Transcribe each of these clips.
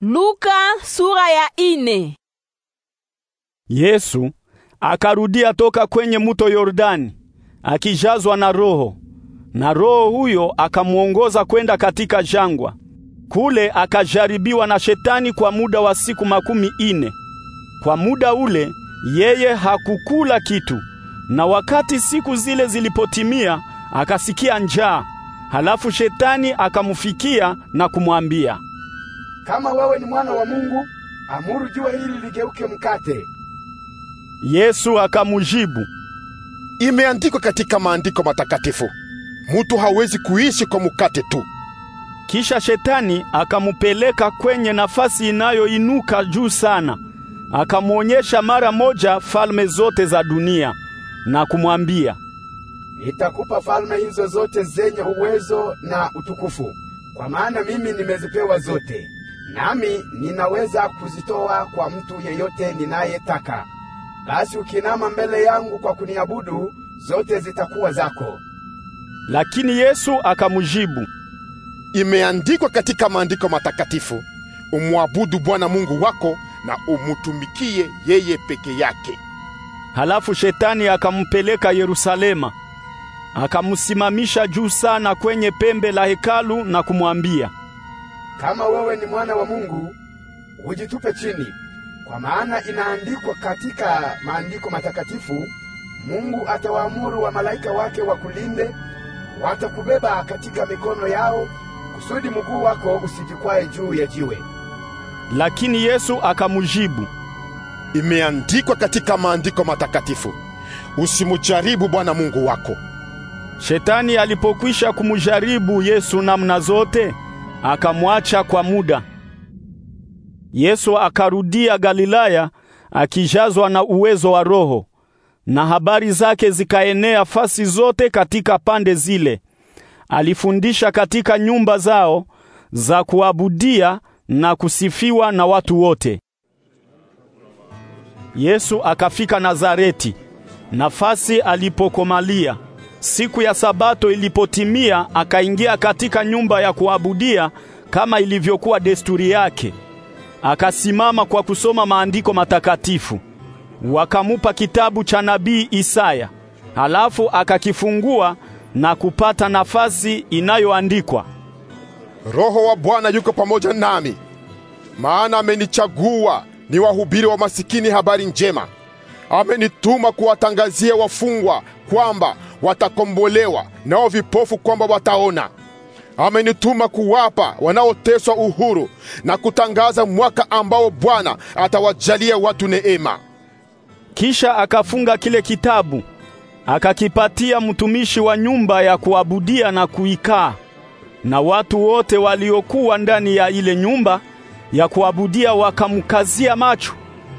Luka sura ya ine. Yesu akarudia toka kwenye muto Yordani akijazwa na roho. Na roho huyo akamwongoza kwenda katika jangwa. Kule akajaribiwa na shetani kwa muda wa siku makumi ine. Kwa muda ule yeye hakukula kitu. Na wakati siku zile zilipotimia, akasikia njaa. Halafu shetani akamfikia na kumwambia, kama wewe ni mwana wa Mungu, amuru jua hili ligeuke mkate. Yesu akamujibu, imeandikwa katika maandiko matakatifu, mutu hawezi kuishi kwa mkate tu. Kisha shetani akamupeleka kwenye nafasi inayoinuka juu sana, akamwonyesha mara moja falme zote za dunia na kumwambia, nitakupa falme hizo zote zenye uwezo na utukufu, kwa maana mimi nimezipewa zote nami ninaweza kuzitoa kwa mtu yeyote ninayetaka. Basi ukinama mbele yangu kwa kuniabudu, zote zitakuwa zako. Lakini Yesu akamjibu, imeandikwa katika maandiko matakatifu, umwabudu Bwana Mungu wako na umutumikie yeye peke yake. Halafu shetani akampeleka Yerusalema, akamsimamisha juu sana kwenye pembe la hekalu na kumwambia kama wewe ni mwana wa Mungu, ujitupe chini, kwa maana inaandikwa katika maandiko matakatifu, Mungu atawaamuru wa malaika wake wakulinde, watakubeba katika mikono yao, kusudi mguu wako usijikwae juu ya jiwe. Lakini Yesu akamjibu, imeandikwa katika maandiko matakatifu, usimujaribu Bwana Mungu wako. Shetani alipokwisha kumujaribu Yesu namna zote akamwacha kwa muda. Yesu akarudia Galilaya akijazwa na uwezo wa Roho, na habari zake zikaenea fasi zote katika pande zile. Alifundisha katika nyumba zao za kuabudia na kusifiwa na watu wote. Yesu akafika Nazareti, nafasi alipokomalia. Siku ya Sabato ilipotimia, akaingia katika nyumba ya kuabudia kama ilivyokuwa desturi yake. Akasimama kwa kusoma maandiko matakatifu. Wakamupa kitabu cha nabii Isaya. Halafu akakifungua na kupata nafasi inayoandikwa: Roho wa Bwana yuko pamoja nami, maana amenichagua niwahubiri wa masikini habari njema amenituma kuwatangazia wafungwa kwamba watakombolewa, nao vipofu kwamba wataona. Amenituma kuwapa wanaoteswa uhuru na kutangaza mwaka ambao Bwana atawajalia watu neema. Kisha akafunga kile kitabu akakipatia mtumishi wa nyumba ya kuabudia na kuikaa, na watu wote waliokuwa ndani ya ile nyumba ya kuabudia wakamkazia macho.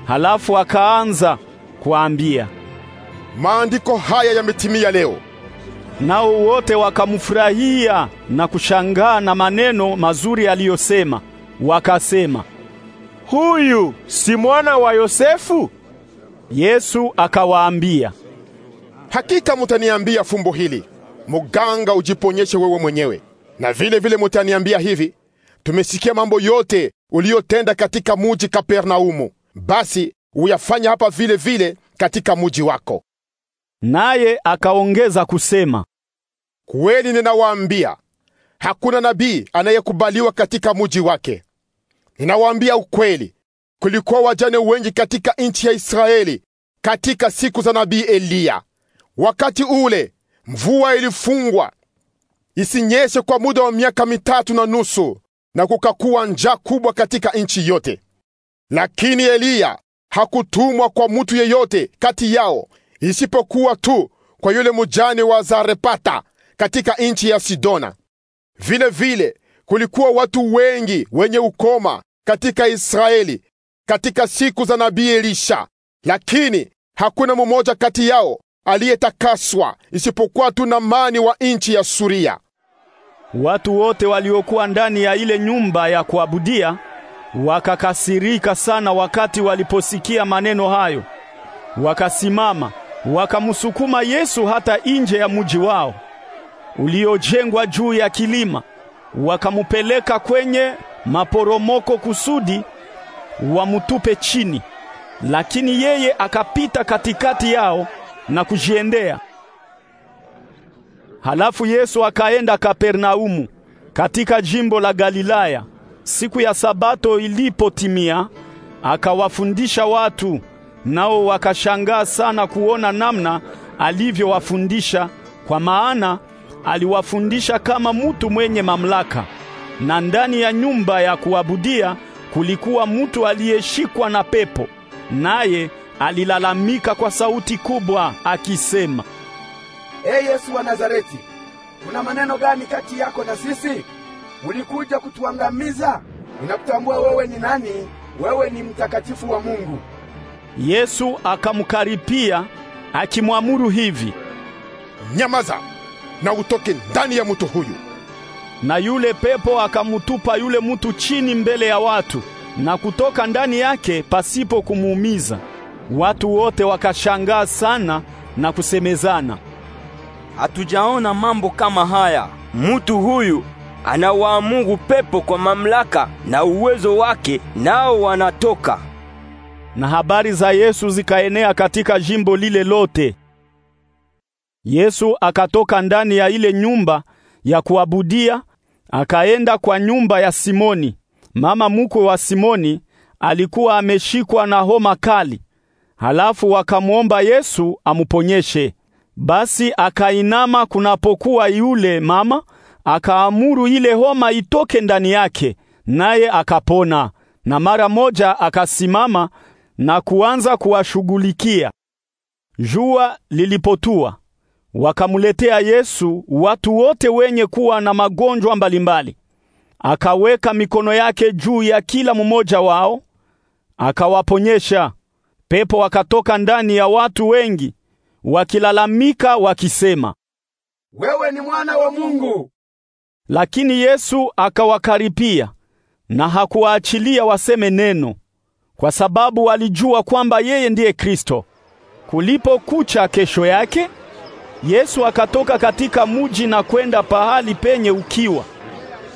Halafu akaanza kuambia, maandiko haya yametimia leo. Nao wote wakamfurahia na kushangaa na maneno mazuri aliyosema, wakasema, huyu si mwana wa Yosefu? Yesu akawaambia, hakika mutaniambia fumbo hili, muganga, ujiponyeshe wewe mwenyewe. Na vile vile mutaniambia hivi, tumesikia mambo yote uliyotenda katika muji Kapernaumu, basi uyafanya hapa vile vile katika muji wako. Naye akaongeza kusema, kweli ninawaambia, hakuna nabii anayekubaliwa katika muji wake. Ninawaambia ukweli, kulikuwa wajane wengi katika nchi ya Israeli katika siku za nabii Eliya. Wakati ule mvua ilifungwa isinyeshe kwa muda wa miaka mitatu na nusu, na kukakuwa njaa kubwa katika nchi yote. Lakini Eliya hakutumwa kwa mtu yeyote kati yao isipokuwa tu kwa yule mujane wa Zarepata katika nchi ya Sidona. Vile vile kulikuwa watu wengi wenye ukoma katika Israeli katika siku za nabii Elisha, lakini hakuna mmoja kati yao aliyetakaswa isipokuwa tu namani wa nchi ya Suria. Watu wote waliokuwa ndani ya ile nyumba ya kuabudia Wakakasirika sana wakati waliposikia maneno hayo. Wakasimama, wakamsukuma Yesu hata nje ya mji wao uliojengwa juu ya kilima, wakamupeleka kwenye maporomoko kusudi wamutupe chini. Lakini yeye akapita katikati yao na kujiendea. Halafu Yesu akaenda Kapernaumu katika jimbo la Galilaya. Siku ya Sabato ilipotimia, akawafundisha watu, nao wakashangaa sana kuona namna alivyowafundisha, kwa maana aliwafundisha kama mtu mwenye mamlaka. Na ndani ya nyumba ya kuabudia kulikuwa mtu aliyeshikwa na pepo, naye alilalamika kwa sauti kubwa akisema, Ee hey Yesu wa Nazareti, kuna maneno gani kati yako na sisi? Ulikuja kutuangamiza? Ninakutambua wewe ni nani, wewe ni mtakatifu wa Mungu. Yesu akamkaripia akimwamuru hivi, nyamaza na utoke ndani ya mtu huyu. Na yule pepo akamutupa yule mtu chini mbele ya watu na kutoka ndani yake pasipo kumuumiza. Watu wote wakashangaa sana na kusemezana, hatujaona mambo kama haya. Mtu huyu anawaamuru pepo kwa mamlaka na uwezo wake, nao wanatoka. Na habari za Yesu zikaenea katika jimbo lile lote. Yesu akatoka ndani ya ile nyumba ya kuabudia akaenda kwa nyumba ya Simoni. Mama mkwe wa Simoni alikuwa ameshikwa na homa kali. Halafu wakamwomba Yesu amuponyeshe. Basi akainama kunapokuwa yule mama akaamuru ile homa itoke ndani yake, naye akapona, na mara moja akasimama na kuanza kuwashughulikia. Jua lilipotua, wakamletea Yesu watu wote wenye kuwa na magonjwa mbalimbali. Akaweka mikono yake juu ya kila mmoja wao, akawaponyesha. Pepo wakatoka ndani ya watu wengi wakilalamika wakisema, wewe ni mwana wa Mungu. Lakini Yesu akawakaripia na hakuwaachilia waseme neno, kwa sababu walijua kwamba yeye ndiye Kristo. Kulipokucha kesho yake, Yesu akatoka katika muji na kwenda pahali penye ukiwa.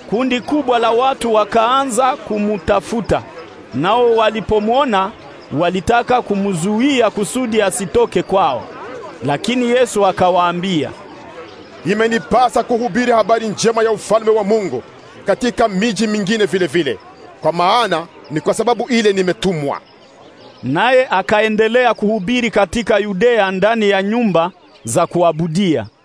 Kundi kubwa la watu wakaanza kumutafuta, nao walipomwona walitaka kumzuia kusudi asitoke kwao. Lakini Yesu akawaambia, imenipasa kuhubiri habari njema ya ufalme wa Mungu katika miji mingine vile vile, kwa maana ni kwa sababu ile nimetumwa. Naye akaendelea kuhubiri katika Yudea ndani ya nyumba za kuabudia.